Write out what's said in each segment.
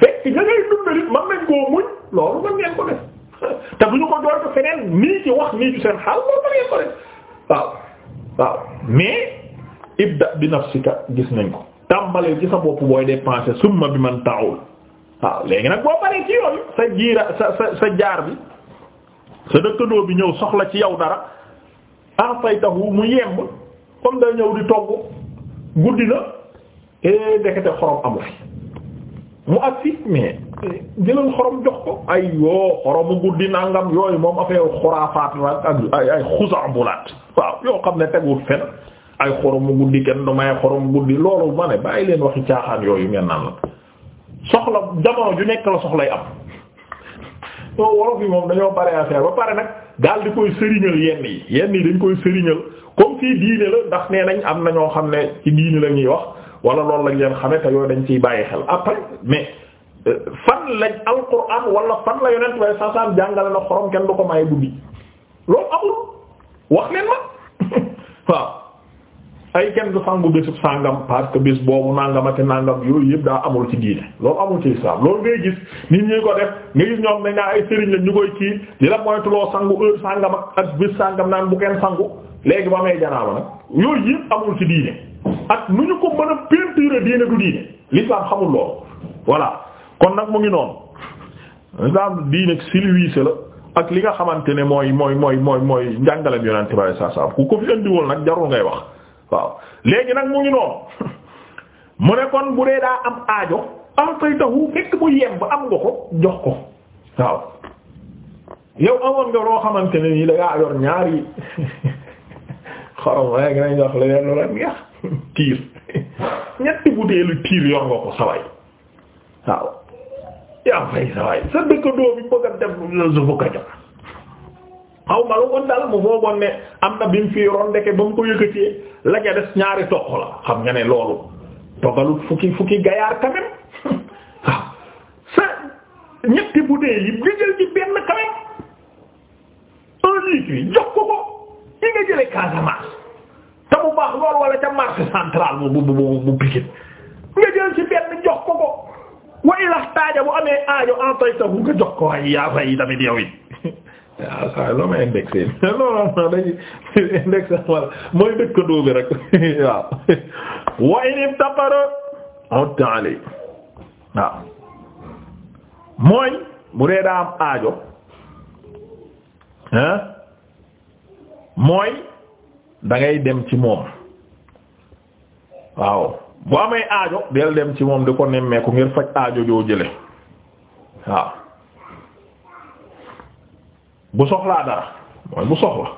fekk ña ngay dundal man nañ koo muñ loolu man ngeen ko def te bu ñu ko door ko feneen nii ci wax nii ci seen xaal loolu man ngeen ko def waaw waaw mais ibda bi nafsika gis nañ ko tàmbalee ci sa bopp booy dépenser summa bi man ta'ul waaw léegi nag boo paree ci yooyu sa jiira sa sa sa jaar bi sa dëkkandoo bi ñëw soxla ci yow dara en faytahu mu yemb comme da ñëw di togg guddi na e ndekete xorom amu fi mu ak si mais jëlal xorom jox ko ay yoo xoromu guddi nangam yooyu moom affaire xuraafaat la ak ay ay xusaambulaat waaw yoo xam ne teguwul fen ay xoromu guddi kenn du may xorom guddi loolu ma ne bàyyi leen waxi caaxaan yooyu ngeen naan la soxla jamono ju nekk la soxlay am soo wolof yi moom dañoo bare affaire ba pare nag daal di koy sëriñal yenn yi yenn yi dañ koy sëriñal comme si diine la ndax nee nañ am na ñoo xam ne ci diine la ñuy wax wala loolu lañ leen xamee te yooyu dañ ciy bàyyi xel après mais euh, fan lañ alquran wala fan la yonent way sasam jàngale na xorom kenn du ko maye buddi loolu amul wax leen ma waaw ay kenn du sangu bésub sàngam parce que bés boobu nangamati nangam yooyu yëpp daa amul ci diine loolu amul ci islam loolu ngay gis nit ñi ko def nga gis ñoom ne ay sëriñ la ñu koy kii di la moytuloo sangu heure sàngam ak bés sàngam naan bu kenn sangu léegi ba may janaaba nag yooyu yëpp ak nu ñu ko mën a peinturer diine du diine l'islam xamul loolu kon nag mu ngi noonu l'islam diine silvise la ak li nga xamante ne mooy mooy mooy mooy mooy njàngaleem yonent bi saa saa ku ko fi indiwoon nag jarul ngay wax waaw léegi nag mu ngi noonu mu ne kon bu dee daa am aajo am fay taxu fekk mu yemb am nga ko jox ko waaw yow amoon nga loo xamante ne nii da yor ñaari a rek nañ wax leneen lu la neex tiir ñetti butéelu tiir yor nga ko saway waaw yaa fay saway sa dëkkandoo bi bëgg a def su bëgg a jox xaw ma ko dal mu foogoon ne am na bi mu fi yoroon ndeke ba mu ko yëkkatee la ca ñaari tox la xam nga ne loolu togalut fukki fukki gayaar quand waaw sa ñetti butéel yi nga jël ci benn quand même un litre jox ko ko yi nga jële Casamance mu baax lool wala ca marché central bu bu bu bu Pikine nga jël ci benn jox ko ko wa ilax taaja bu amee aajo en tay tax bu nga jox ko waaye yaa fay tamit yow it waaw saa loo may indexé looloo xam dañuy indexé wala mooy dëkkandoo bi rek waaw. wa inim taqara utali waaw mooy bu dee daa am aajo hein mooy. da ngay dem ci moom waaw bu amee aajo del dem ci moom di ko nemmeeku ngir faj aajo joo jële waaw bu soxlaa dara mooy bu soxla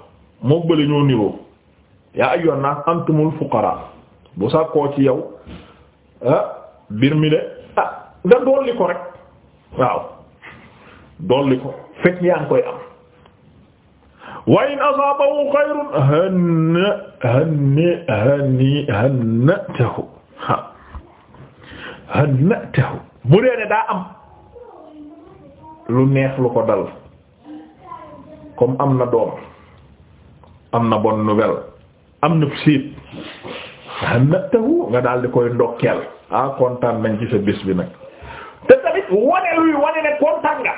moo bële ñoo niroo yaa ayyuhan naas antumul fuqaraa bu sàkkoo ci yow ah mi de ah nga dolli ko rek waaw dolli ko fekk yaa ngi koy am wa in asaabahu xayrun hanna hanni hanni hannatahu hannatahu bu dee ne daa am lu neex lu ko dal comme am na doom am na bonne nouvelle am na siit hannatahu nga daal di koy ndokkeel ah kontaan nañ ci sa bis bi nag te tamit wane luy wane ne kontaan nga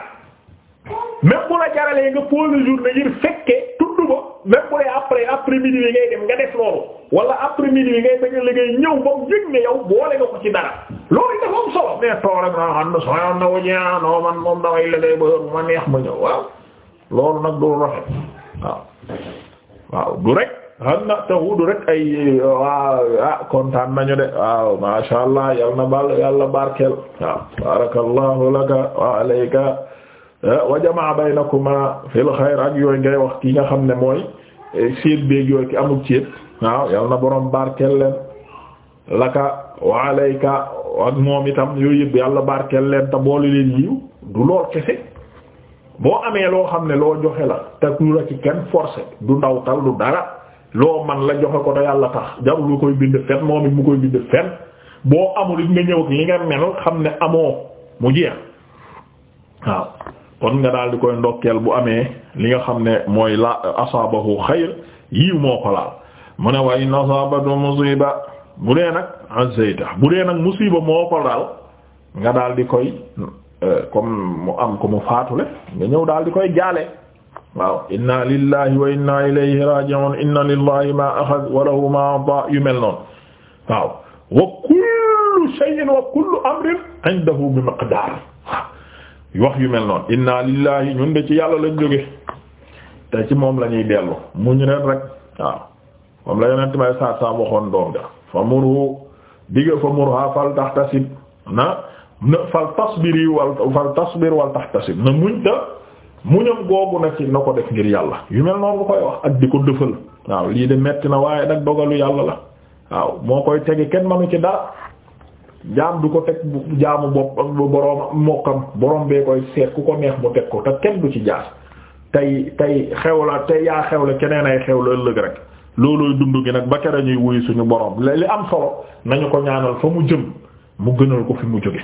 même bu la jaralee nga posé journée ngir fekke tudd ko même bu dee après après midi bi ngay dem nga def loolu wala après midi bi ngay bañ a liggéey ñëw ba mu yëg ne yow boole nga ko ci dara loolu dafa am solo mais toog rek naa xam ne soo yoon na wuñu ah non man moom damay liggéey ba ma neex ma ñëw waaw loolu nag du rafet waaw waaw du rek. xam na taxu du rek ay waa ah kontaan nañu de waaw masha Allah yal na bal yàlla barkeel waaw barakallahu laka wa alayka Eh, wa jamaa baynakuma fil xayr ak yooyu ngay wax ki nga xam ne mooy eh, séet beeg yooyu ki amul séet waaw yal na borom barkel leen laka wa alayka ak moom itam yooyu yëpp yàlla barkel leen te boole leen yiw du lool kese boo amee loo xam ne loo joxe la te lu la ci kenn forcé du ndawtal du dara loo man la joxe ko da yàlla tax jarul lu koy bind fen moom it mu koy bind fen boo amul it nga ñëw ak li nga mel xam ne amoo mu jeex waaw kon nga daal di koy ndokkeel bu amee li nga xam ne mooy la asaabahu xayr yiw moo ko laal mu ne wa in musiba bu dee nag azayta bu dee musiba moo ko laal nga daal di koy euh, comme mu am ko nga ñëw daal di koy jaale inna lillahi wa inna ilayhi raji'un inna lillahi ma axad wa lahu ma ata yu mel noonu waaw wa kullu shay'in wa kullu amrin indahu bi miqdaar wax yu mel noonu inna lillahi ñun de ci yàlla lañ jóge te ci moom lañuy ñuy mu ñu ren rek waaw moom la yonent may saa saa waxoon doom da fa muru digga fa murha ah, fal tahtasib na na fal tasbiri fal tasbir wal tahtasib na muñ ta muñam googu na ci na ko def ngir yàlla yu mel noonu nga koy wax ak di ko dëfal waaw lii de metti na waaye nag dogalu yàlla la waaw moo koy tege kenn manu ci dara jaam du ko teg jaamu bopp boroom mokkam boroom bee koy seet ku ko neex mu teg ko te kenn du ci jaas tey tey xew la tey yaa xew la keneen ay xew la ëllëg rek loolooy dund gi nag ba kere ñuy wuyu suñu boroom li am solo nañu ko ñaanal fa mu jëm mu gënal ko fi mu jóge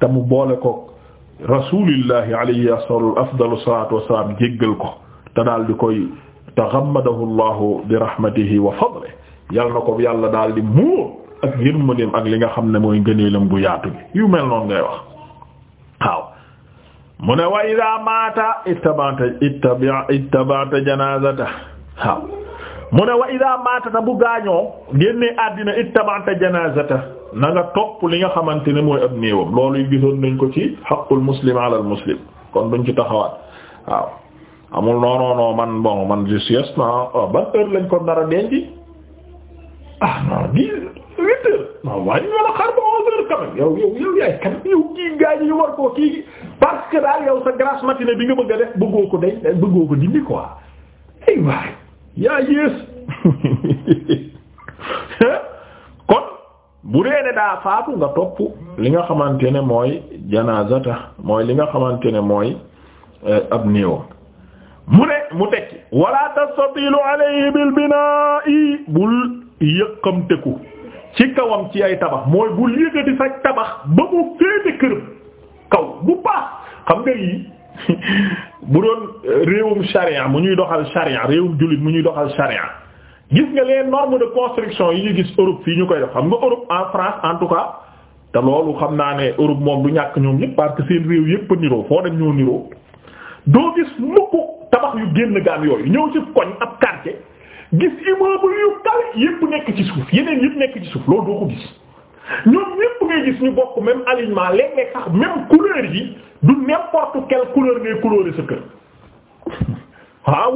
te mu boole ko rasulillahi alayhi afdalu salaatu wassalaam jéggal ko te daal di koy taghammadahu allahu bi rahmatihi wa fadlihi yal na ko yàlla daal di muur ak yërmandeem ak li nga xam ne mooy ngëneelam gu yaatu gi yu mel noonu ngay wax waaw mu ne wa idaa maata ittaba'ta ittabi' ittaba'ta janaazata waaw mu ne wa idaa maatata bu gaañoo génnee àddina ittaba'ta janaazata na nga topp li nga xamante ne mooy ab néewam loolu yu gisoon nañ ko ci xaqul muslim ala muslim kon duñ ci taxawaat waaw amul non man bon man je suis ah, ah, ban heure lañ ko nar denc. ah non waaye ñu war a xar ba onze heures quand même yow yow yow yow kii gars yi ñu war koo kii parce que daal yow sa grasse matinée bi nga bëgg a def bëggoo ko day bëggoo ko dindi quoi ay waay yaa yées kon bu dee ne daa faatu nga topp li nga xamante ne mooy janaazata mooy li nga xamante ne mooy eh, ab néewam mu ne mu tekki wala tastatilu alayhi bil binaa'i bul yëqamteku ci kawam ci ay tabax mooy bu yëkkati sa tabax ba mu féete këram kaw bu baax xam nga yii bu doon euh, réewum charia mu ñuy doxal charia réewum jullit mu ñuy doxal charia gis nga les normes de construction yi ñu gis Europe fii ñu koy def xam nga Europe en France en tout cas te loolu xam naa ne Europe moom du ñàkk ñoom ñëpp parce que seen réew yëpp a niroo foo dem ñoo niroo doo gis mukk tabax yu génn gaan yooyu ñëw ci koñ ab quartier gis immeuble yu kawe yépp nekk ci suuf yeneen yépp nekk ci suuf loolu doo ko gis ñoom ñépp ngay gis ñu bokk même alignement léeg-léeg sax même couleur yi du n'importe quelle couleur ngay colorer sa kër ah,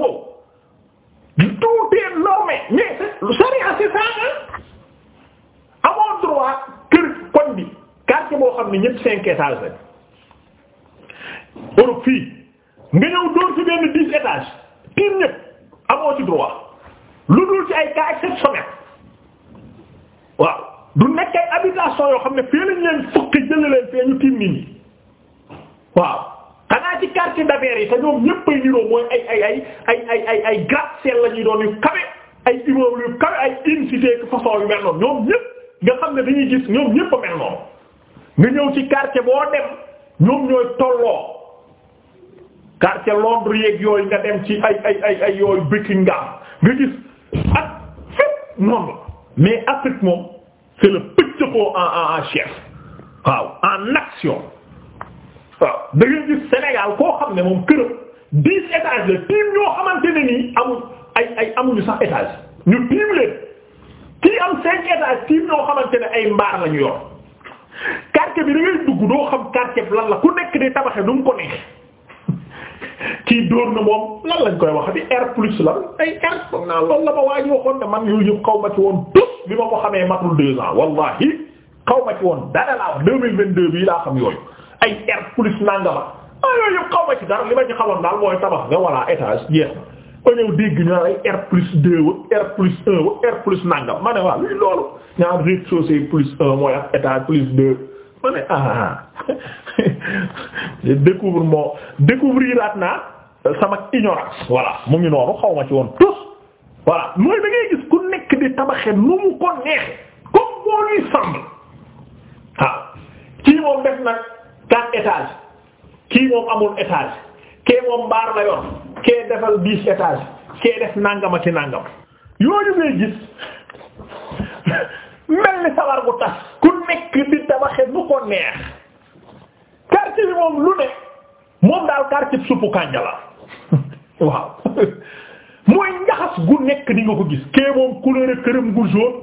waaw droit kër koñ bi quartier boo xam ne ñépp cinq étages lañ Europe fii nga ñëw door ci benn dix étages tiim ñépp amoo ci droit lu dul ci ay cas exceptionnel waaw du nekk ay habitation yoo xam ne fii lañ leen fukki jëlee leen fee ñu tiim nit waaw xanaa ci quartier d'affaires yi te ñoom ñëpp ay niroo mooy ay ay ay ay ay ay ay doon yu kawe ay immeuble yu kawe ay incité façon yu mel noonu ñoom ñëpp nga xam ne dañuy gis ñoom ñëpp a mel noonu nga ñëw ci quartier boo dem ñoom ñooy tolloo quartier Londres yeeg yooyu nga dem ci ay ay ay ay yooyu Buckingham nga gis. ak fépp noonu la mais Afrique moom c'est le pëccëxoo en en en chef waaw en action waaw da ngeen Sénégal koo xam ne moom këram dix étages la tiim ñoo xamante ne nii amul ay ay amuñu sax étage ñu tiim leen kii am cinq étages tiim ñoo xamante ne ay mbaar la ñu yor quartier bi da ngay doo xam quartier bi lan la ku nekk di tabaxe du mu ko neex. kii dóor na moom lan lañ koy wax di R plus la ay R foog naa loolu la ma waa ji waxoon ne man yooyu yëpp xaw ma ci woon tus bi ma ko xamee matul deux ans wallahi xaw ma ci woon dara laa wax deux mille vingt deux ah ma ci li ma ci xamoon daal mooy tabax nga walla étage jeex deux wa R plus un wa R ma ne waaw loolu ñaar rez-de-chaussée mooy ak étage plus deux. ma ne ah, ah, ah. découvre moo découvriraat naa euh, sama ignorance voilà mu ngi noonu xaw ma ci woon tus voilà mooy da gis ku nekk di tabaxe nu mu ko neexe comme boo luy semble waaw ah, kii moom def nag quatre étages kii moom amul étage kee moom baar la yor kee defal dix étage kee def nàngama ci nàngam yooyu ngay gis mel ni sawar bu tas ku nekk di tabaxe nu ko neex quartier bi moom lu ne moom daal quartier suppu kànja la waaw mooy njaxas gu nekk di ko gis kee moom couleur këram gu jaune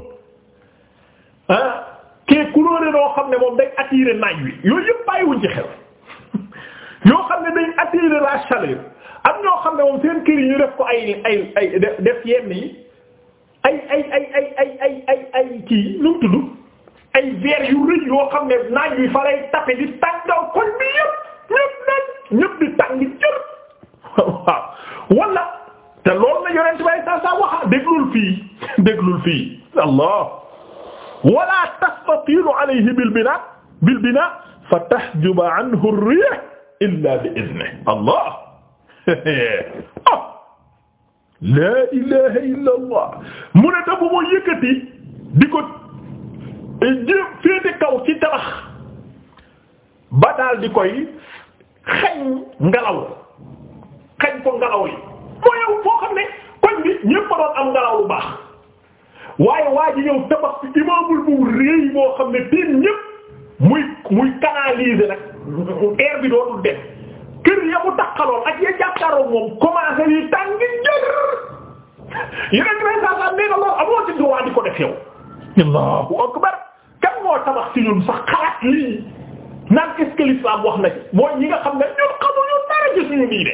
ah, kee couleur noo xam ne moom day attirer naaj wi yooyu yëpp bàyyiwuñ ci xel yoo xam ne day attirer la chaleur am ñoo xam ne moom seen kër yi def ko ay ay ay def yenn yi ay ay ay ay ay ay ay ay kii nu mu tudd ay verre yu rëy yoo xam ne naaj wi fa lay tapé di tàngaw koñ bi yëpp ñëpp nag ñëpp di tàng jër waaw wala te loolu la yonent bay sa sa waxa déglul fii déglul fii allah wala tastatilu alayhi bil bina bil bina fa tahjuba anhu ar-rih illa bi idnihi allah oh. laa ilaha illa mu ne ta bu ma di ko jé féete kaw ci tabax ba daal di koy xañ ngelaw xañ ko ngelaw li moo yow foo xam ne koñ bi ñépp doon am ngelaw lu baax waaye waa ji ñëw tabax ci immeuble bu réy boo xam ne tiim ñépp muy muy canaliser nag air bi doonul dem kër ya mu takkaloon ak ya jàkkaaroo moom commencé li tàng jër yeneen yeneen saa saa nee na loolu amoo ci droit di ko def yow. Allahu akbar kan moo tabax ci ñun sax xalaat lii naan est-ce que l'islam wax na ci mooy ñi nga xam ne ñun xamuñu dara ci suñu nii de.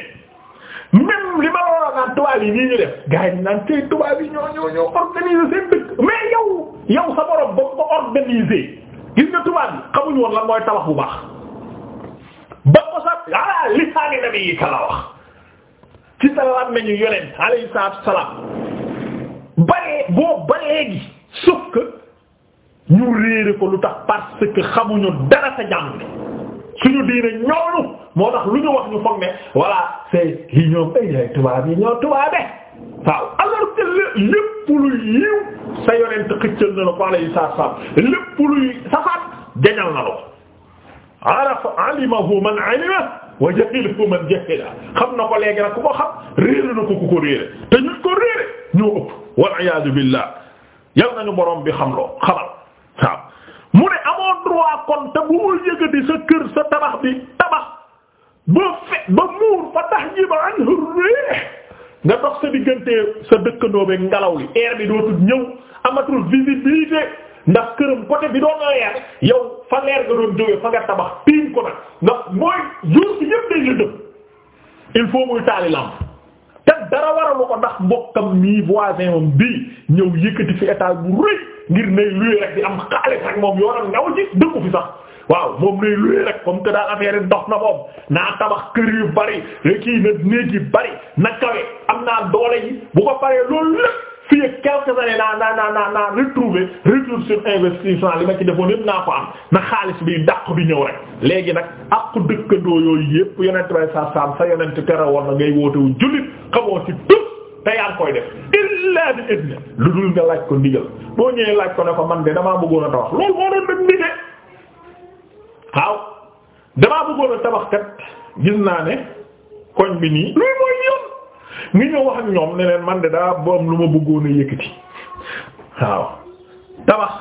même li ma waroon naan tubaab yi nii ñu def gars yi naan tey tubaab yi ñoo ñoo ñoo organiser seen dëkk mais yow yow sa borom ba ko organisé gis nga tubaab yi xamuñu woon lan mooy tabax bu baax. ah lisaani nabi ka la wax ci sa làmmiñu yonent alayhi salaatu salaam baree boo baree gi sauf ñu réere ko lu tax parce que xamuñu dara sa jàng suñu diine ñoolu moo tax lu ñu wax ñu foog ne voilà c'est li ñoom ay yaay tubaab ñoo tubaabe waaw alors que lépp lu yiw sa yonent xëccal na la ko alayhi salaatu salaam lépp luy safaat jañal na la arafa alimahu man alima wa jahilahu man jahila xam na ko léegi nag ku ko xam réere na ko ku ko réere te ñu ko réere ñoo ëpp wal iyaadu billah yal nañu borom bi xam loo xamal waaw mu ne amoo droit kon te bu muy yëgati sa kër sa tabax bi tabax ba fe ba muur fa tahjiba anhu riih nga dox sa diggante sa dëkkandoo bi ngelaw li air bi dootul ñëw amatul visibilité ndax këram côté bi doon air yow nga doon jóge fa nga tabax tiim ko nag ndax mooy jour bi yëpp day lëndëm il faut muy taali lamp te dara waralu ko ndax mbokkam mii voisin moom bii ñëw yëkkati fi état bu rëy ngir nay luye rek di am xaalis rek moom yoonam ñaw ci dëkku fi sax waaw moom nay luye rek comme que daal affaire yi na moom naa tabax kër yu bari kii na néeg yi bari na kawe am naa doole yi bu ko paree loolu lépp fii ak quelques années naa naa naa naa naa retrouver retour sur li ma ci defoon yëpp naa ko am na xaalis bi dàq bi ñëw rek léegi nag ak dëkkandoo yooyu yëpp yonent bay sa sam sa yonent tere woon na ngay wootewu jullit xamoo ci tut te yaa koy def illa bi idne lu dul nga laaj ko ndigal boo ñëwee laaj ko ne ko man de damaa bëggoon a tabax loolu moo doon nag ndigee waaw damaa bëggoon tabax kat gis naa ne koñ bi nii loolu mooy yoon ngi ñëw wax ak ñoom ne man de daa boom lu ma bëggoon a waaw tabax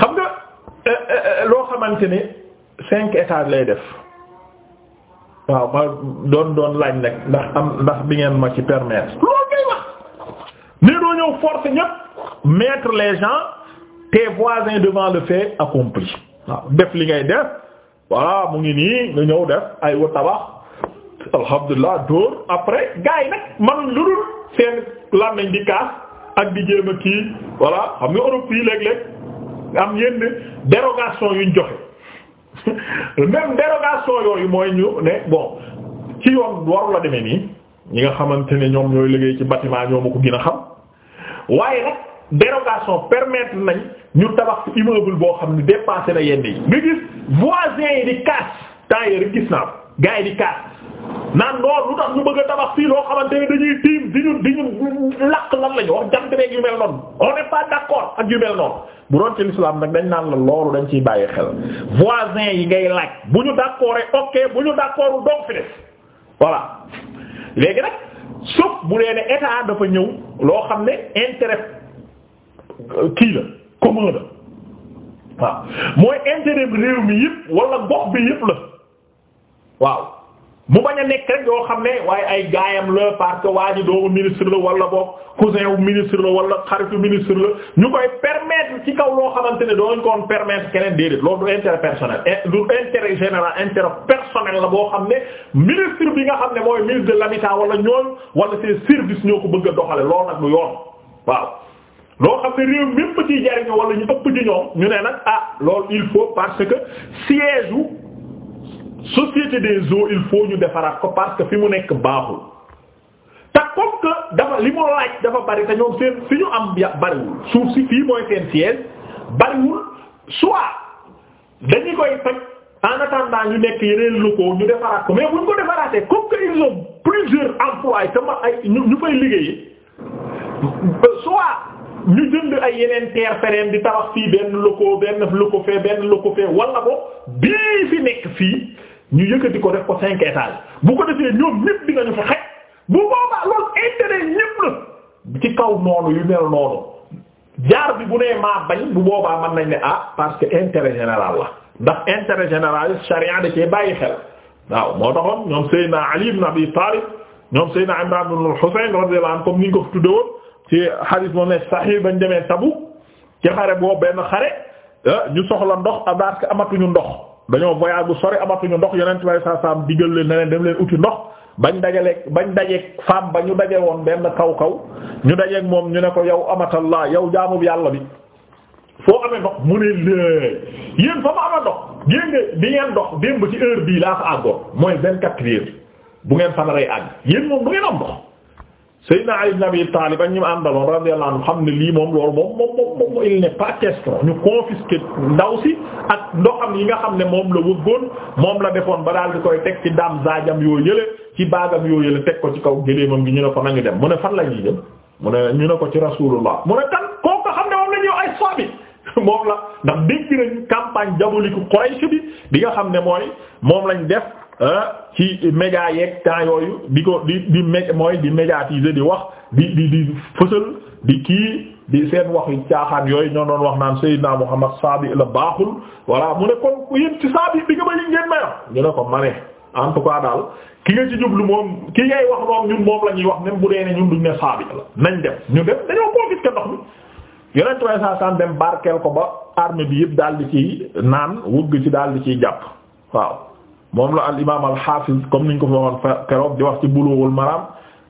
xam nga eh, eh, eh, loo xamante ni cinq étages lay def waaw ma doon doon laaj nag ndax am ndax bi ngeen ma ci permetre loolu ngay wax mais doo ñëw force ñépp mettre les gens tes devant le fait accompli waaw def li ngay def voilà mu ngi nii nga ñëw def ay wa tabax alhamdulilah dóor après gars yi nag manuñ lu dul seen làmmiñ di kaas ak di jéem a kii voilà xam nga Europe yi léeg-léeg am yenn dérogation yuñ joxe même dérogation yooyu mooy ñu ne bon ci yoon waru la nii ñi nga xamante ne ñoom ñooy liggéey ci bâtiment ñoo ma ko gin a xam waaye nag dérogation permettre nañ ñu tabax fi immeuble boo xam ni dépassé na yenn yi nga gis voisins yi di kaas temps rek gis naa ko yi di kaas naan loolu lu tax ñu bëgg a tabax fii loo xamante dañuy tiim di ñu di ñu lakk lan la ñu wax jant beeg yu mel noonu on n'est pas d'accord ak yu mel noonu bu doon ci l'islam nag dañ naan la loolu dañ ciy bàyyi xel voisin yi ngay laaj bu ñu d'accord ok bu ñu d'accord doog fi def voilà léegi nag sauf bu dee ne état dafa ñëw loo xam ne intérêt euh, kii la commun waaw mooy intérêt réew mi yëpp wala gox bi yëpp la waaw. mu bañ a nekk rek yoo xam ne waaye ay gaayam la parce que waa ji doomu ministre la wala boog cousin wu ministre la wala xaritu ministre la ñu koy permettre ci kaw loo xamante ne dooñ ko woon permettre keneen déedéet loolu du intérêt personnel eh, du intérêt général intérêt personnel la boo xam ne ministre bi nga xam ne mooy ministre de l'habitat wala ñoon wala ses services ñoo ko bëgg a doxale loolu nag lu yoon waaw loo xam ne réew mépp ciy jariñoo wala ñu ëpp ci ñu ne nag ah loolu il faut parce société des eaux il faut ñu defaraat ko parce que fi mu nekk baaxul te comme que dafa li mu laaj dafa bari te ñoom seen fi ñu am bariwul suuf si fii mooy seen siège bariwul soit dañu koy faj en ñu nekk yeneen locaux ñu defaraat ko mais buñ ko defaraatee comme que ils ont plusieurs emplois te ay ñu ñu fay liggéeyee soit ñu jënd ay yeneen terre feneen di tabax fii benn locaux benn locaux fee benn locaux fee wala ko bii fi nekk fii ñu yëkkati ko def ko cinq étages bu ko defee ñoom ñépp dinañu fa xaj bu boobaa loolu intérêt ñépp la ci kaw noonu yu mel noonu jaar bi bu nee maa bañ bu boobaa mën nañ ne ah parce que intérêt général la ndax intérêt général charia da cee bàyyi xel waaw moo taxoon ñoom Seydina Ali ibn Abi Talib ñoom Seydina Imran ibn Husayn radiyallahu anhu comme ko fi tudde woon ci bañ demee Tabuk ci xare boobu benn xare ah, ñu soxla ndox parce que amatuñu ndox. dañoo voyage bu sori amatuñu ndox yonent bay saa saam digal leen ne leen dem leen uti ndox bañ dajale bañ dajeek femme ba ñu dajee woon benn kaw kaw ñu dajeek moom ñu ne ko yow amatallah yow jaamub yàlla bi foo amee ndox mu ne léegi yéen fa ma amee ndox génne di ngeen ndox démb ci heure bii laa fa àggoon mooy vingt-quatre heures bu ngeen fan rey àgg yéen moom bu ngeen am ndox Seydina Ali ibn Abi Talib ak ñi mu àndaloon radiyallahu anhu xam ne lii moom loolu moom moom moom il n'est pas question ñu confisquer ndaw si ak ndoxam yi nga xam ne moom la wëggoon moom la defoon ba daal di koy teg ci daam zaajam yoo yële ci baagam yoo yële teg ko ci kaw géléemam gi ñu ne ko nañu dem mu ne fan la ñuy dem mu ne ñu ne ko ci Rasulullah mu ne tan kooku nga xam ne moom la ñuy ay soobi moom la ndax dégg nañu campagne diabolique Quraysh bi bi nga xam ne mooy moom lañ def. Ah ci média yeeg temps yooyu di ko di di mé mooy di médiatiser di wax di di di fësal di kii di seen wax yu caaxaan yooyu ñoo doon wax naan Seydina Muhammad saabi la baaxul voilà mu ne kon yéen ci saabi bi nga ma ngeen mayam ñu ne ko ma ne en tout cas daal ki nga ci jublu moom ki ngay wax noonu ñun moom la ñuy wax même bu dee ne ñun duñ ne saabi la nañ dem ñu dem dañoo profité ndox mi. yeneen trois cent cent dem barkeel ko ba armée bi yëpp daal di ci naan wëgg ci daal di ciy jàpp moom la al imaam al xaafiz comme niñ ko fa waxoon keroog di wax ci bulughul maram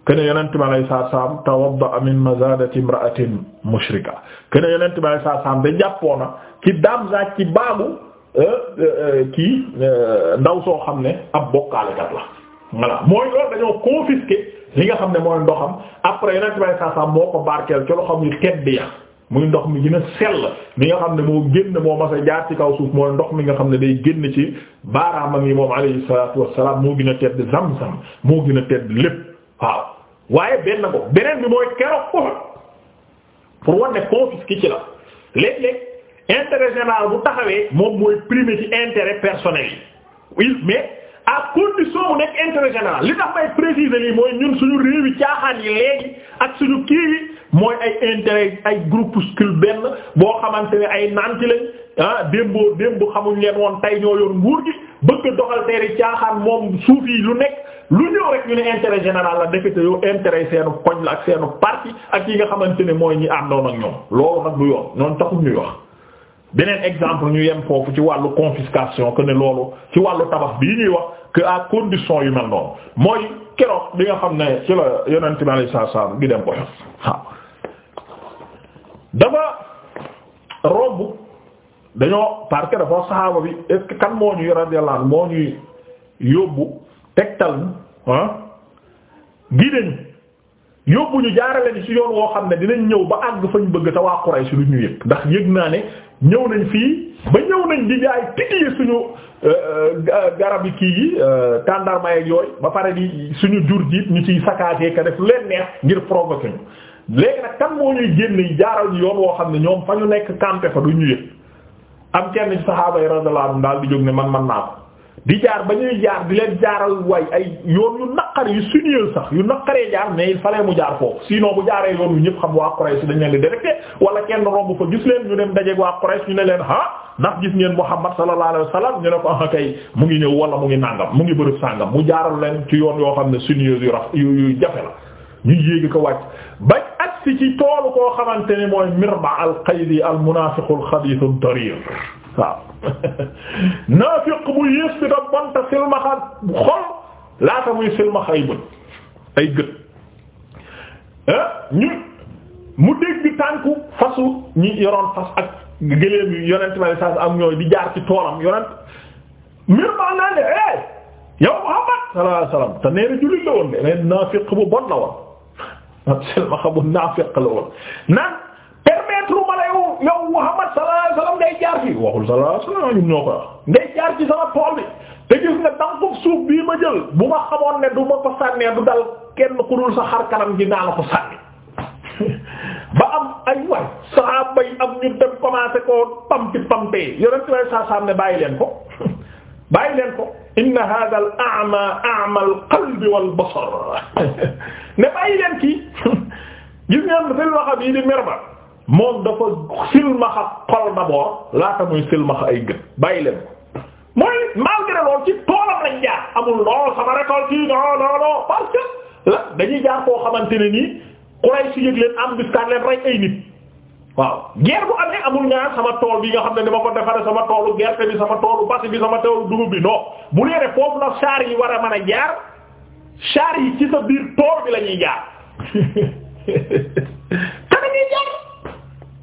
kene yonent bi alayhi salaatu salaam tawadda min mazadati imra'atin mushrika kene yonent bi alayhi salaatu salaam da jàppoona ci damza ci baabu euh, euh, kii euh, ndaw soo xam ne ab bokkaalekat la voilà mooy loolu dañoo confisquer li nga xam ne mooy ndoxam après yonent bi alayhi moo ko barkeel ci loxoom yu tedd ya muy ndox mi gën a sell mi nga xam ne moo génn moo mas a jaar ci kaw suuf mooy ndox mi nga xam ne day génn ci baaraamam yi moom alayhi salaatu wassalaam moo gën a tedd zam-zam moo gën a tedd lépp waaw waaye benn ko beneen bi mooy keroog Uhud pour wan ne confisque ci la léeg bu taxawee moom mooy primer ci intérêt personnel yi mais à condition mu nekk intérêt général léegi ak suñu kii yi mooy ay intérêt ay groupuscule benn boo xamante ne ay nanti lañ ah démboo démb xamuñ leen woon tey ñoo yoon nguur gi bëgg doxal teeri caaxaan moom suuf yi lu nekk lu ñëw rek ñu ne intérêt général la ndekete yow intérêt seenu koñ la ak seenu parti ak yi nga xamante ne mooy ñi àndoon ak ñoom loolu nag du yoon ñoon taxul ñuy wax beneen exemple ñu yem foofu ci wàllu confiscation que ne loolu ci wàllu tabax bii ñuy wax que à condition yu mel noonu mooy bi nga xam ne ci la yonent bi sallallahu dafa romb dañoo parce dafa saxaaba bi est-ce kan moo ñuy radiyallahu moo ñuy yóbbu tegtal ah guidé ñu yóbbu ñu jaarale ni ci yoon woo xam ne dinañ ñëw ba àgg fañ bëgg te waa si lu ñu yëg ndax yëg naa ne ñëw nañ fii ba ñëw nañ di jaay titiye suñu euh, euh, garab yi kii yi euh, tàndarma ak yooyu ba pare di suñu jur jiit ñu ciy sakaatee ka def leen neex ngir provoquer ñu léegi nag kan moo ñuy génn jaaral ñu yoon woo xam ne ñoom fa ñu nekk campé fa du ñu yëg am kenn ci saxaaba yi radiyallahu anhum daal di jóg ne man man naa ko di jaar ba ñuy jaar di leen jaaral way ay yoon yu naqar yu sinueux sax yu naqaree jaar mais il fallait mu jaar foofu sinon bu jaaree yoon yu ñëpp xam waa Quraysh dañ leen di détecté wala kenn romb fa gis leen ñu dem dajeeg waa Quraysh ñu ne leen ah ndax gis ngeen Muhammad sallallahu alayhi wasallam ñu ne ko ah kay mu ngi ñëw wala mu ngi nàngam mu ngi bërëb sàngam mu jaaral leen ci yoon yoo xam ne sinueux yu raf yu jafe ñu yéegi ko wàcc agsi ci toolu koo xamante ne mooy mirba al-qaydi al-munaafiqu al-xabiisu ad-dariir waaw naafiq bu yées bi da bonta silmaxa xol laata muy silmaxa ay bët ay gët eh, ñu mu dégg tànku fasu ñi yoroon fas ak gëléem yu yonent ma saas am ñooy di jaar ci toolam yonent mirba naan ne eh yow Muhammad sallallahu alayhi wasallam te nee na jullit la woon naafiq bu bon la am selma xamul naafiq la woon naan permettre ma yow yow Muhammad sallallahu alayhi wasallam ngay jaar fi waxul sallallahu alayhi wasallam ñun ñoo ko ci sama tool bi te gis nga tànku suuf bii ma jël bu ma xamoon ne du ma ko sànnee du dal kenn ku dul sa xar kanam gi naa la ko sànni ba am ay waay saxaaba yi am ñu dem commencé koo pamti pamtee yonent way sa sam ne bàyyi leen ko bàyyi leen ko inna hadha al a'ma a'ma al qalbi wal basar ne bàyyi leen kii gis ngeen seen waxam yi di mer ba moom dafa silmaxa xol d'abord laata muy silmaxa ay gën bàyyi leen ko mooy malgré loolu ci toolam lañ jaar amul non sama récolte yi non non non parce que la dañuy jaar koo xamante ne nii Quraysh yëg leen embuscade leen rey ay nit. waaw guerre bu amee amul ñaar sama tool bi nga xam ne dama ko defaree sama toolu gerte bi sama toolu basi bi sama toolu dugub bi non bu leene foofu la saar yi war a mën a jaar char yi ci sa biir tool bi la ñuy jaar kana ñuy jaar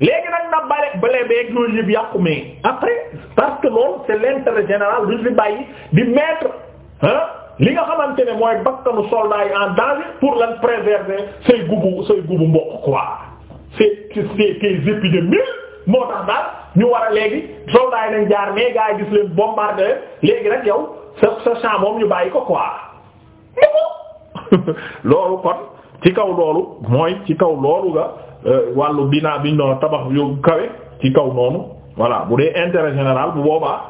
léegi nag na bale bale beeg loolu yëpp yàqu mais après parce que loolu c'est l'intérêt général duñ bàyyi di mettre hein li nga xamante ne mooy bakkanu soldat yi en danger pour lan préserver say gubu say gubu mbokk quoi c'est c'est des épidémies moo tax daal ñu war a léegi soldats nañ jaar mais gars yi gis leen bombardé léegi nag yow sa sa champs moom ñu bàyyi ko ko quoi. loolu kon ci kaw loolu mooy ci kaw loolu nga euh, wàllu binaa biñ doon tabax yu kawe ci kaw noonu voilà bu dee intérêt général bu boobaa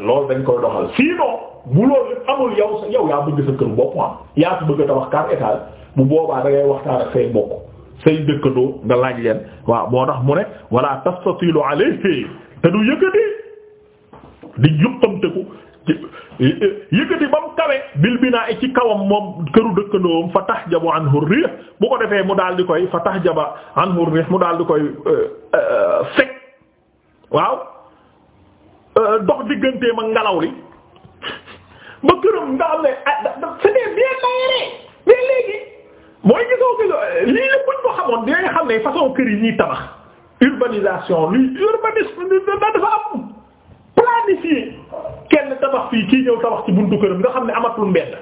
loolu dañ koy doxal sinon bu loolu amul yow sa yow yaa bëgg sa kër bopp am ah, yaa fi bëgg tabax quatre étages bu boobaa da ngay waxtaan ak say mbokk. say dëkkandoo nga laaj leen waaw moo tax mu ne wala tastatilu alayhi te du yëkkati di yuqamteku yëkkati ba kawe bil binaa ci kawam moom këru dëkkandoom fa tahjabu anhu rih bu ko defee mu daal koy fa tahjaba anhu rih mu daal di koy euh, euh, fekk waaw euh, dox digganteem ak ngelaw li ba këram nga xam ne ah c'était bien aéré mais mooy gisoo que lii la buñ ko xamoon dinañ xam ne façon kër yi ñuy tabax urbanisation luy urbanisme dafa am planifié kenn tabax fii kii ñëw tabax ci buntu këram nga xam ne amatul mbedd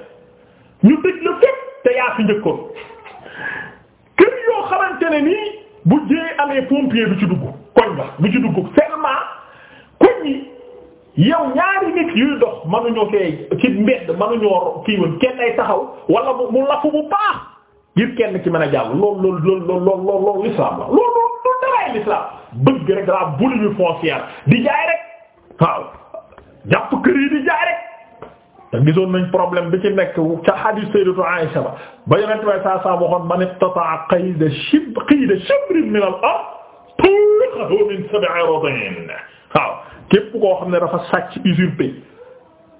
ñu tëj la fépp te yaa fi njëkkoon kër yoo xamante ne nii bu jëyee amee pompier du ci dugg koñ ba du ci dugg seulement koñ yi yow ñaari nit yuy dox mënuñoo kay ci mbedd mënuñoo kii woon kenn ay taxaw wala mu lafu bu baax. ngir kenn ci mën a jàll lool lool lool lool lool lool lool l'islam la lool lool lool daraay l'islam bëgg rek la boulimie foncière di jaay rek waaw jàpp kër yi di jaay rek te gisoon nañ problème bi ci nekk ca hadith sayyidatu Aisha ba ba yonent bay saa saa waxoon man istata'a qayda shib qayda shibrin min al-ard tuqahu min sab'i radin waaw képp koo xam ne dafa sàcc usurpé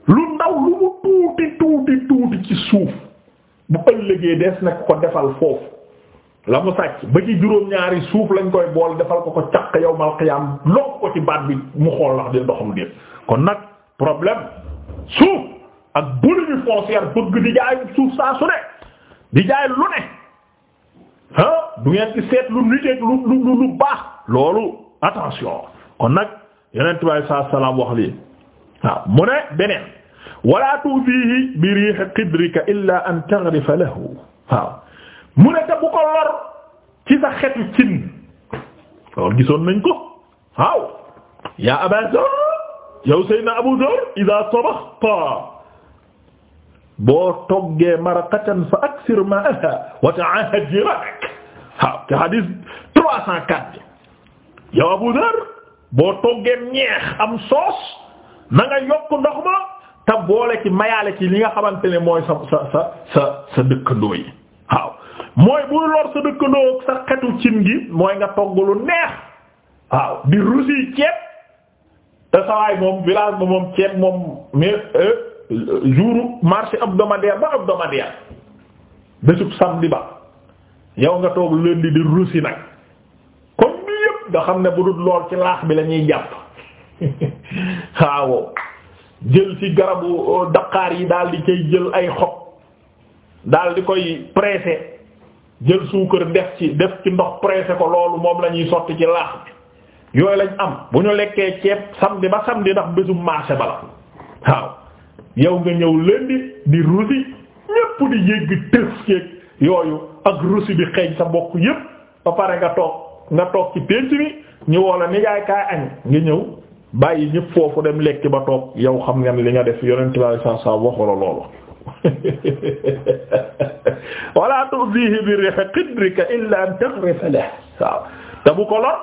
lu ndaw lu mu tuuti tuuti tuuti ci suuf bu ëllëgee des na ko defal foofu la mu sàcc ba ci juróom-ñaari suuf lañ koy bool defal ko ko caq yawmal qiyaam loo ko ci baat bi mu xool ndax di doxam déet kon nag problème suuf ak bërëñu foncière suuf saa di jaay lu ne ah lu lu lu baax loolu attention kon nag yeneen tubaab yi saa salaam wax lii waaw mu ne beneen. wala tuufiihi bi riihi qidrika illa an taghrifa lahu waaw mu ne te bu ko lor ci sa xetu cin loolu gisoon nañ ko waaw yaa Abaa Zarr yow Seydina Abu Zarr idaa tabaxta boo toggee maraqatan fa aksir ma'aha wa ta'ahhad jiraanak waaw ci hadith trois cent quatre yow Abu Zarr boo toggee ñeex am soos na nga yokk ndox ma te boole ci mayaale ci li nga xamante ne mooy sa sa sa sa sa dëkkandoo yi waaw mooy bu lor sa dëkkandoo sa xetu cin gi mooy nga togg lu neex waaw di rusi ceeb te sawaay moom village ba moom ceeb moom mais euh, jour marché hebdomadaire ba hebdomadaire bésub samedi ba yow nga toog lundi di rusi nag comme ni yëpp nga xam ne bu dul lool ci laax bi lañuy ñuy jàpp waaw jël ci garabu euh, daqaar yi daal di koy jël ay xob daal di koy pressé jël suukar def ci def ci ndox pressé ko loolu moom la ñuy sotti ci laax bi yooyu lañ am bu ñu lekkee ceeb samedi ba samedi ndax bésum marché bala waaw yow nga ñëw lundi di rusi ñépp di yégg tëf keeg yooyu ak rusi bi xeeñ sa bokk yépp ba pare nga toog nga toog ci pénc mi ñu woo la ni jaay kaay añ nga ñëw bàyyi ñëpp foofu dem lekki ba toog yow xam ngeen li nga def yonent bi saa saa waxu la loolu wala tu'dihi bi rih qidrika illa an taghrifa lah waaw te bu ko lor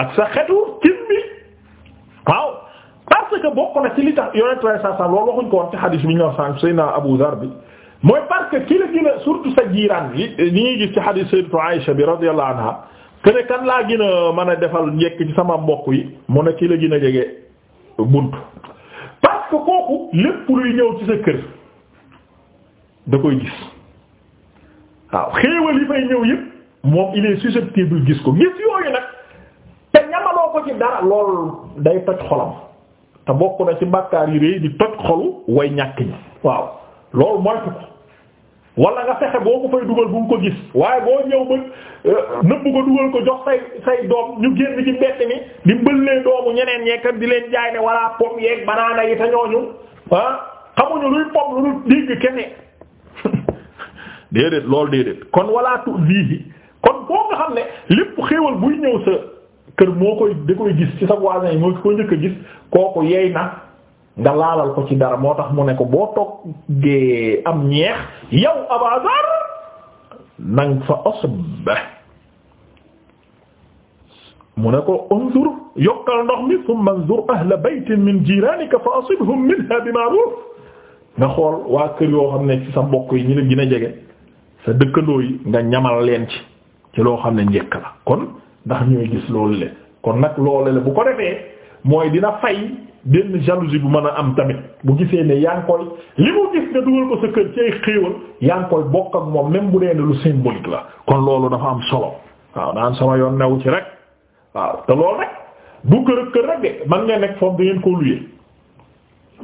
ak sa xetu cin tax yonent bi saa saa loolu waxuñ ko woon ci xadiis bi ñu wax sànq Seydina Abu Zar bi mooy parce que ki la gën a surtout sa jiiraan yi ni ñuy gis ci xadiis bi radiyallahu anha kene kan laa gin a mën a defal njekk ci sama mbokk yi mu ne kii la gën a jege bunt parce que kooku lépp luy ñëw ci sa kër da koy gis waaw xéewal yi fay ñëw yëpp moom il est susceptible gis ko gis yooyu nag te ñamaloo ko ci dara lool day toj xolam te bokk na ci bàkkaar yi réy di toj xolu way ñàkk ñi waaw loolu moytu ko wala nga fexe boo ko fay dugal bu ko gis waaye boo ñëw ba euh, nëbb ko dugal ko jox say say doom ñu génn ci mbett mi di mbëllee doomu ñeneen ñeekat di leen jaay ne wala pom yeeg banaana yi te ñooñu ah, xamuñu luy pom lu dul dégg kene déedéet loolu déedéet kon wala tu lii kon boo nga xam ne lépp xéewal buy ñëw sa kër moo koy da koy gis ci sa voisin yi moo ko njëkk a gis kooku yey na nga laalal ko ci dara moo tax mu ne ko boo toggee am ñeex yow abazar nang fa asb mu ne ko unzur yokkal ndox mi thumma anzur ahla baytin min jiranika fa asibhum minha bi ma'ruf nga xool waa kër yoo xam ne ci sa mbokk yi ñu la gën a jege sa dëkkandoo yi nga ñamal leen ci ci loo xam ne njëkk la kon ndax ñooy gis loolu le kon nag loolu le bu ko defee mooy dina fay benn jalousie bu mën a am tamit bu gisee ne yaa ngi koy li mu gis nga dugal ko sa kër ci ay xéewal yaa bokk ak moom même bu dee ne lu symbolique la kon loolu dafa am solo waaw naan sama yoon new ci rek waaw te loolu rek bu kër ak kër rek de man ngeen nekk foofu da ngeen koo louer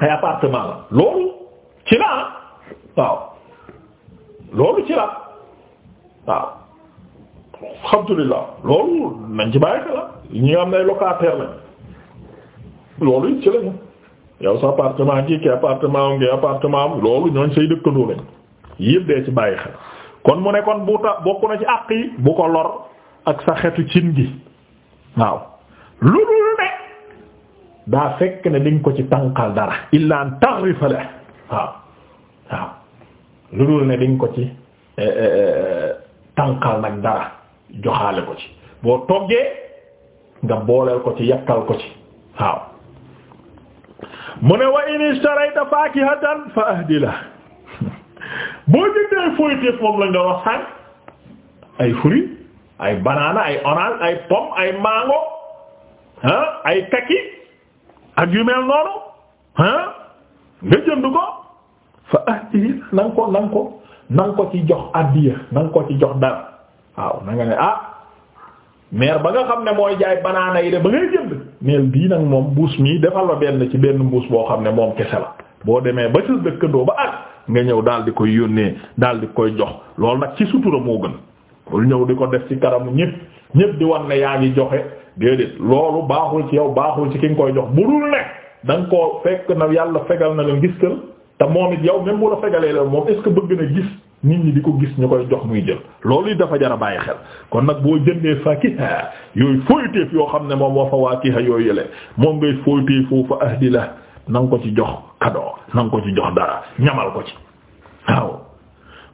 ay appartement la loolu ci la waaw loolu ci la waaw alhamdulillah loolu nañ ci bàyyi xel la ñi nga am nay locataire lañ loolu it ci lañu yow sa appartement kii ki appartement ngi appartement loolu ñooñ say dëkkandoo lañ yëpp dee ci bàyyi xel kon mu ne kon bu ta bokk na ci àq yi bu ko lor ak sa xetu cin gi waaw lu dul ne daa fekk ne dinga ko ci tànkal dara illa an taghrifa la waaw waaw lu dul ne dinga ko ci eh, eh, eh, tànqal nag dara joxaale ko ci boo toggee nga booleel ko ci yakkal ko ci waaw mu ne wa in ishtarayta fakihatan fa ahdi la boo jëndee foyiteef moom lañ doon wax ay fruits ay banaana ay orange ay pomme ay mango ah ay kaki ak yu mel noonu ah nga jënd ko fa ahdi na ko na ko na ko ci jox addiya na ko ci jox dara waaw na ne ah maire ba nga xam ne mooy jaay banaana yi de ba ngay jënd. neel bii nag moom mbuus mii defal la benn ci benn mbuus boo xam ne moom kese la boo demee ba sa dëkkandoo ba ak nga ñëw daal di koy yónnee daal di koy jox loolu nag ci sutura moo gën bul ñëw di ko def ci kanamu ñépp ñépp di wax ne yaa ngi joxe déedéet loolu baaxul ci yow baaxul ci ki nga koy jox bu dul ne da koo fekk na yàlla fegal na leen gis te moom it yow même bu la fegalee la moom est ce que bëgg na gis. nit ñi di ko gis ñu koy jox muy jël loolu yi dafa jara bàyyi xel kon nag boo jëndee fakiha yooyu fooyteef yoo xam ne moom wa fawakiha yooyu yële moom ngay fooyteef foofu ahdi la nang ko ci jox cadeau na nga ko ci jox dara ñamal ko ci waaw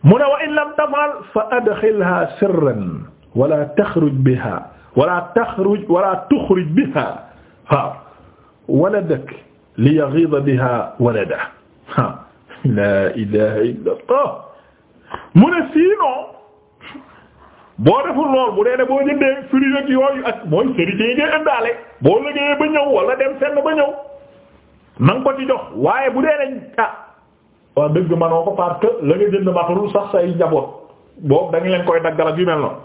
mu ne in lam tafal fa adxilha sirran wala taxruj biha wala taxruj wala tuxruj biha waaw waladak li yaghida biha walada la ilaha illa allah mu ne sinon boo deful lool bu dee ne boo jëndee fruits ak yooyu ak mooy serité yi ngay ëndaale boo liggéeyee ba ñëw walla dem fenn ba ñëw na ko ci jox waaye bu dee dañ ah waaw dëgg manoo ko parce que la nga jënd matalul sax say njaboot boobu da leen koy daggal ak yu mel noonu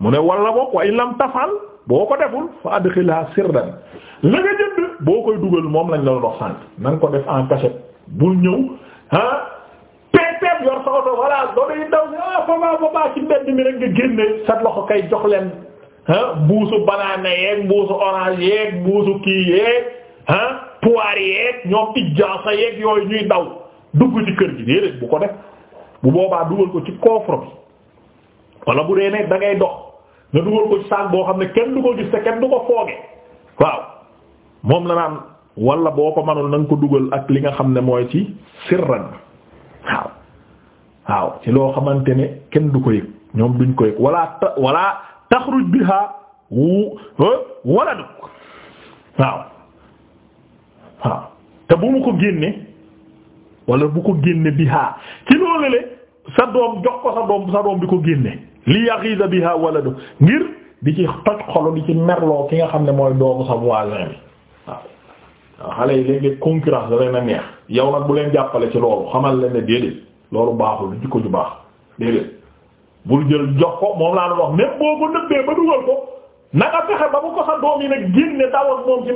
mu ne wala boog waaye lam tafal boo ko deful fa adxilha sirdan la nga jënd boo koy dugal moom lañ la dox sànq na nga ko def en cachette bul ñëw ah, peep yor sa oto voilà doo doy daw ah papa papa ci mbedd mi rek nga génne sa loxo kay jox leen ah buusu banaana yeeg buusu orange yeeg buusu kii yeeg ah poire yeeg ñoom ijaasa yeeg yooyu ñuy daw dugg ci kër gi déedéet bu ko def bu boobaa dugal ko ci coffre bi wala bu dee ne dangay dox nga dugal ko ci boo xam ne kenn du ko gis te kenn du ko fooge waaw moom la naan wala boo ko mënul na ko dugal ak li nga xam ne mooy ci sirran waaw waaw ci loo xamante ne kenn du ko yëg ñoom duñ ko yëg wala ta wala taxruj waaw waaw te bu mu ko génne walla bu ko génne biha ci loolu le sa doom jox ko sa doom sa doom bi ko génne li yaxiisa biha waladuk ngir bi ci toj xolu di ci merloo ki nga xam ne mooy doomu sa voisin bi waaw xale yi léeg-léeg concurrence da leen a neex yow nag bu leen jàppale ci loolu xamal leen ne déedéet loolu baaxul jikko ju baax déedéet bul jël jox ko moom laa doon wax même boo ko nëbbee ba dugal ko na nga ba bu ko sa doom yi nag génne daw moom ci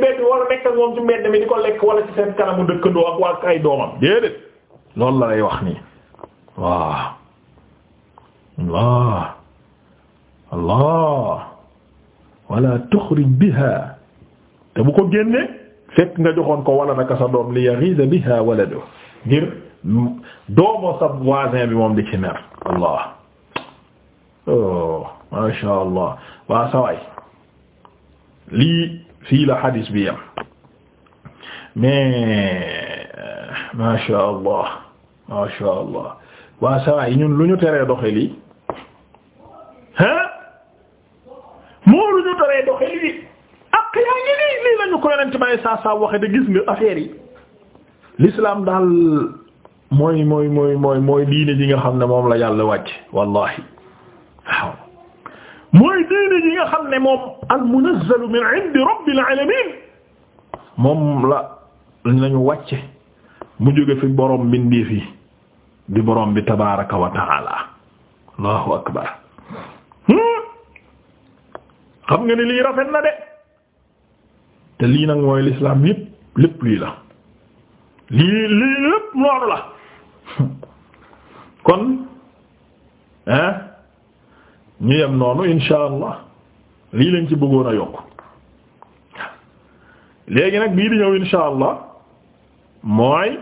mbedd mi di ko lekk wala ci seen kanamu dëkkandoo ak waa ay doomam déedéet loolu la lay wax nii waaw allah allah wala biha te bu ko génnee fekk nga joxoon ko wala naka sa doom li yaghiza biha waladu ngir doomo sa voisin bi moom di ci allah oh ma sha allah waa saway lii fii la hadis bi yam mais ma sha allah ma sha allah waa saway ñun lu ñu teree doxe lii hein moo lu ñu teree doxe lii ñu ko yonent may saa saa waxe te gis nga affaire yi l'islam daal mooy mooy mooy mooy mooy diine ji nga xam ne moom la yàlla wàcc wallahi waaw mooy diine ji nga xam ne moom al min indi rabbil moom la lañu wàcce mu jóge fi borom bindeef yi di borom bi tabaaraka wa allahu akbar hmm? xam nga ni lii rafet na de te lii nag mooy lislaam yépp lépp lii la lii lii lépp noonu la kon hein ñu yem noonu insha allah lii lañ ci bëggoon a yokk léegi nag bii di ñëw insha allah mooy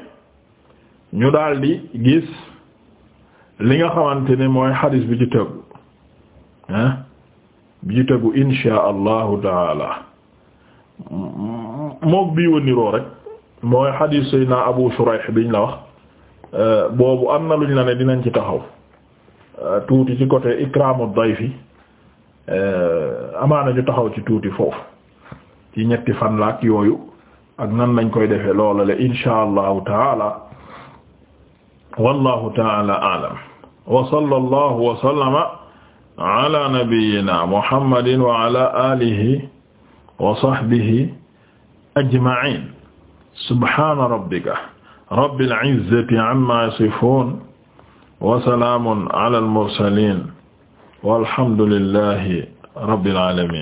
ñu daldi gis li nga xamante ne mooy xadis bi ci tegu hein bi ci tegu insha allahu taala mook bii wa niroo rek mooy xadiis Seydina Abu Shurayh biñ la wax euh, boobu am na luñ la ne dinañ ci taxaw euh, tuuti ci côté ikraamu dayfi euh, amaana ñu taxaw ci tuuti foofu ci ñetti fan la yooyu ak nan lañ koy defee loola le insha allahu taala wallahu taala a'lam wa sallallahu wa sallama ala wa ala wa sahbihi ajma'in subhana rabbika rabbil izzati amma yasifun wa salamun ala al mursalin walhamdulillahi rabbil alamin